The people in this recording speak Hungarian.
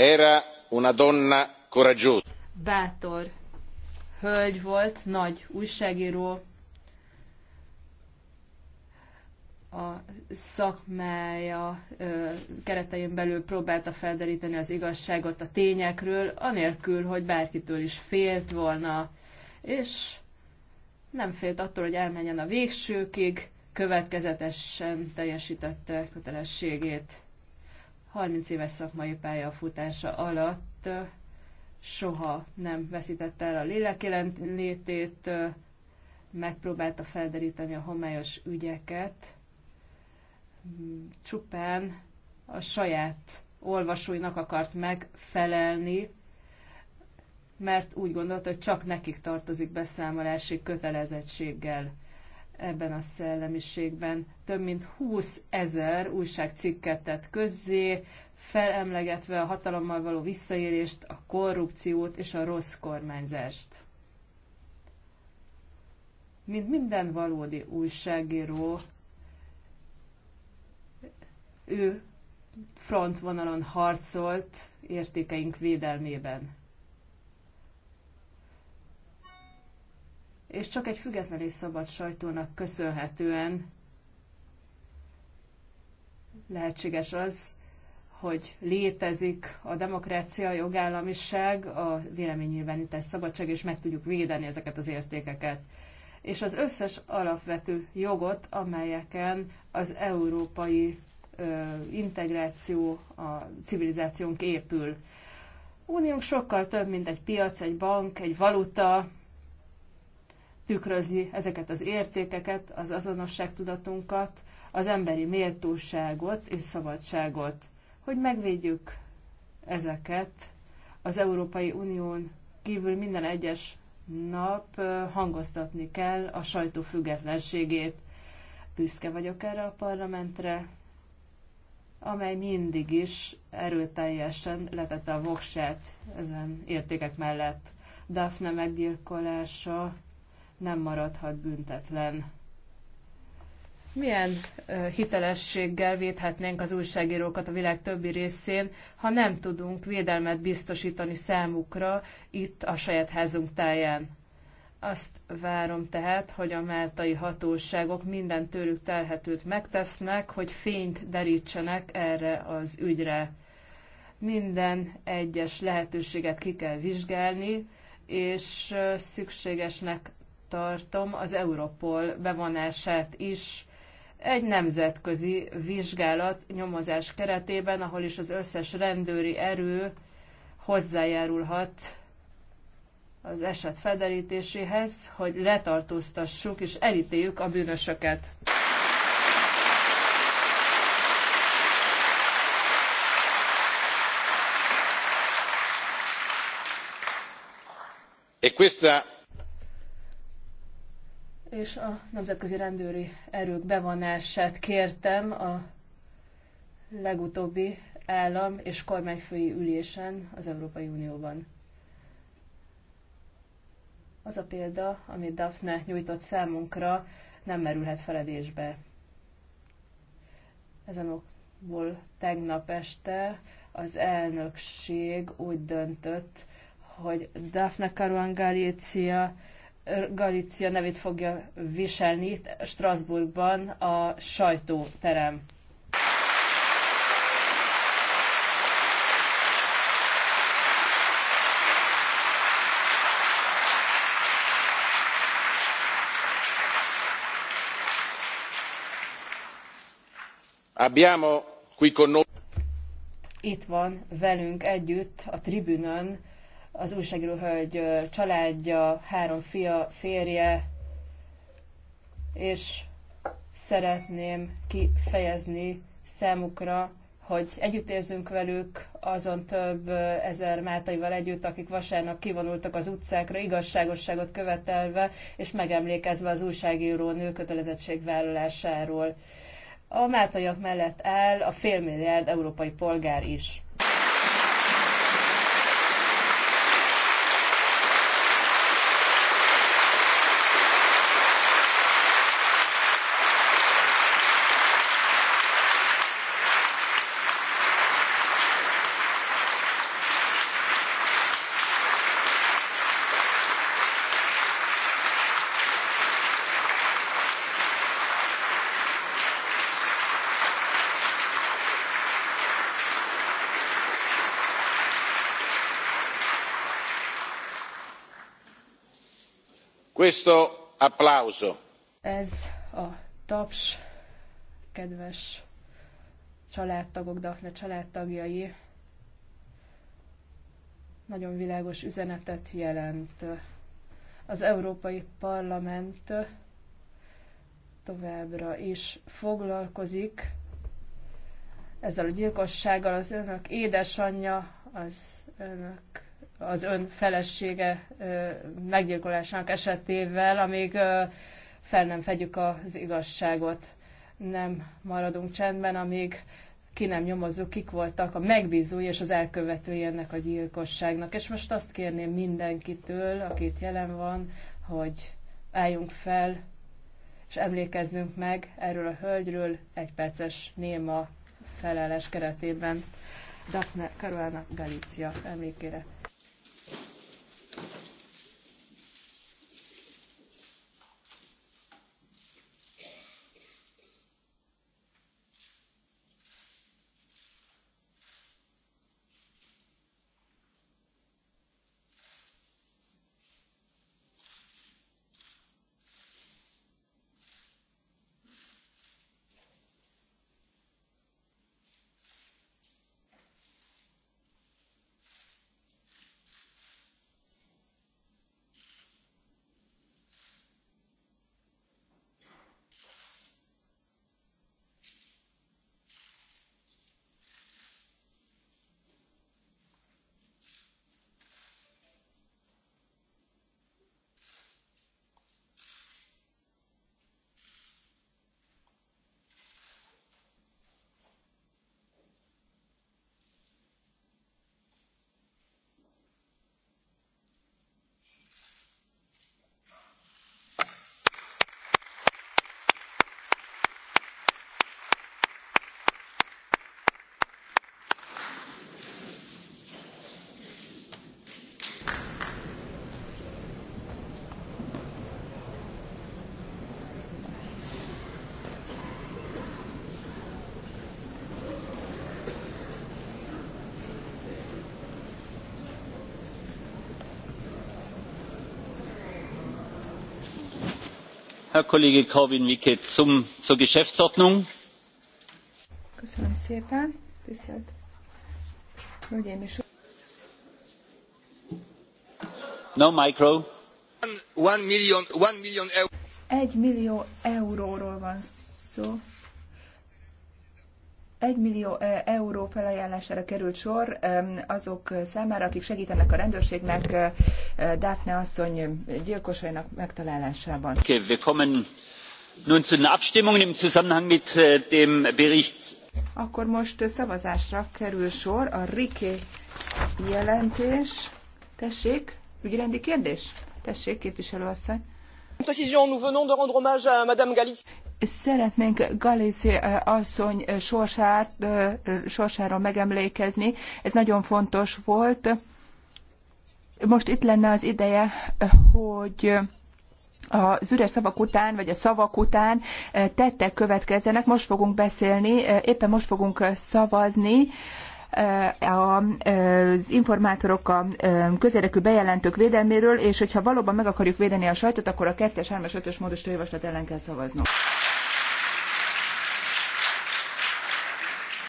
Era una donna coraggiosa. Bátor hölgy volt, nagy újságíró, a szakmája keretein belül próbálta felderíteni az igazságot a tényekről, anélkül, hogy bárkitől is félt volna, és nem félt attól, hogy elmenjen a végsőkig, következetesen teljesítette kötelességét. 30 éves szakmai pályafutása alatt soha nem veszítette el a lélek jelenlétét, megpróbálta felderíteni a homályos ügyeket, csupán a saját olvasóinak akart megfelelni, mert úgy gondolta, hogy csak nekik tartozik beszámolási kötelezettséggel ebben a szellemiségben. Több mint 20 ezer újságcikket tett közzé, felemlegetve a hatalommal való visszaélést, a korrupciót és a rossz kormányzást. Mint minden valódi újságíró, ő frontvonalon harcolt értékeink védelmében. és csak egy független és szabad sajtónak köszönhetően lehetséges az, hogy létezik a demokrácia, a jogállamiság, a véleménynyilvánítás szabadság, és meg tudjuk védeni ezeket az értékeket. És az összes alapvető jogot, amelyeken az európai ö, integráció, a civilizációnk épül. Uniónk sokkal több, mint egy piac, egy bank, egy valuta, tükrözi ezeket az értékeket, az azonosságtudatunkat, az emberi méltóságot és szabadságot, hogy megvédjük ezeket az Európai Unión kívül minden egyes nap hangoztatni kell a sajtó függetlenségét. Büszke vagyok erre a parlamentre, amely mindig is erőteljesen letette a voksát ezen értékek mellett. Daphne meggyilkolása nem maradhat büntetlen. Milyen hitelességgel védhetnénk az újságírókat a világ többi részén, ha nem tudunk védelmet biztosítani számukra itt a saját házunk táján? Azt várom tehát, hogy a máltai hatóságok minden tőlük telhetőt megtesznek, hogy fényt derítsenek erre az ügyre. Minden egyes lehetőséget ki kell vizsgálni, és szükségesnek tartom az Europol bevonását is egy nemzetközi vizsgálat nyomozás keretében, ahol is az összes rendőri erő hozzájárulhat az eset felderítéséhez, hogy letartóztassuk és elítéljük a bűnösöket. E questa és a nemzetközi rendőri erők bevonását kértem a legutóbbi állam és kormányfői ülésen az Európai Unióban. Az a példa, amit Daphne nyújtott számunkra, nem merülhet feledésbe. Ezen okból tegnap este az elnökség úgy döntött, hogy Daphne Caruana Galizia Galicia nevét fogja viselni itt Strasbourgban a sajtóterem. Abbiamo qui con noi. Itt van velünk együtt a tribünön az újságíró hölgy családja, három fia, férje, és szeretném kifejezni számukra, hogy együtt érzünk velük, azon több ezer máltaival együtt, akik vasárnap kivonultak az utcákra, igazságosságot követelve, és megemlékezve az újságíró nő kötelezettségvállalásáról. A máltaiak mellett áll a félmilliárd európai polgár is. questo applauso ez a taps kedves családtagok daphne családtagjai nagyon világos üzenetet jelent az európai parlament továbbra is foglalkozik ezzel a gyilkossággal az önök édesanyja az önök az ön felesége meggyilkolásának esetével, amíg fel nem fedjük az igazságot. Nem maradunk csendben, amíg ki nem nyomozzuk, kik voltak a megbízói és az elkövetői ennek a gyilkosságnak. És most azt kérném mindenkitől, akit jelen van, hogy álljunk fel, és emlékezzünk meg erről a hölgyről egy perces néma felelés keretében. Daphne Caruana Galícia emlékére. herr kollege korwin mikke zur geschäftsordnung. köszönöm szépen tisztelt hölgyeim millió euróról van szó. 1 millió euró felajánlására került sor azok számára, akik segítenek a rendőrségnek Daphne asszony gyilkosainak megtalálásában. Äh, Akkor most szavazásra kerül sor a Riki jelentés. Tessék, ügyrendi kérdés? Tessék, képviselőasszony. Szeretnénk Galici eh, asszony eh, eh, sorsáról megemlékezni. Ez nagyon fontos volt. Most itt lenne az ideje, hogy az üres szavak után, vagy a szavak után tettek következzenek. Most fogunk beszélni, éppen most fogunk szavazni az informátorok, a közérdekű bejelentők védelméről, és hogyha valóban meg akarjuk védeni a sajtot, akkor a 2-es, 3-as, 5-ös módosító javaslat ellen kell szavaznunk.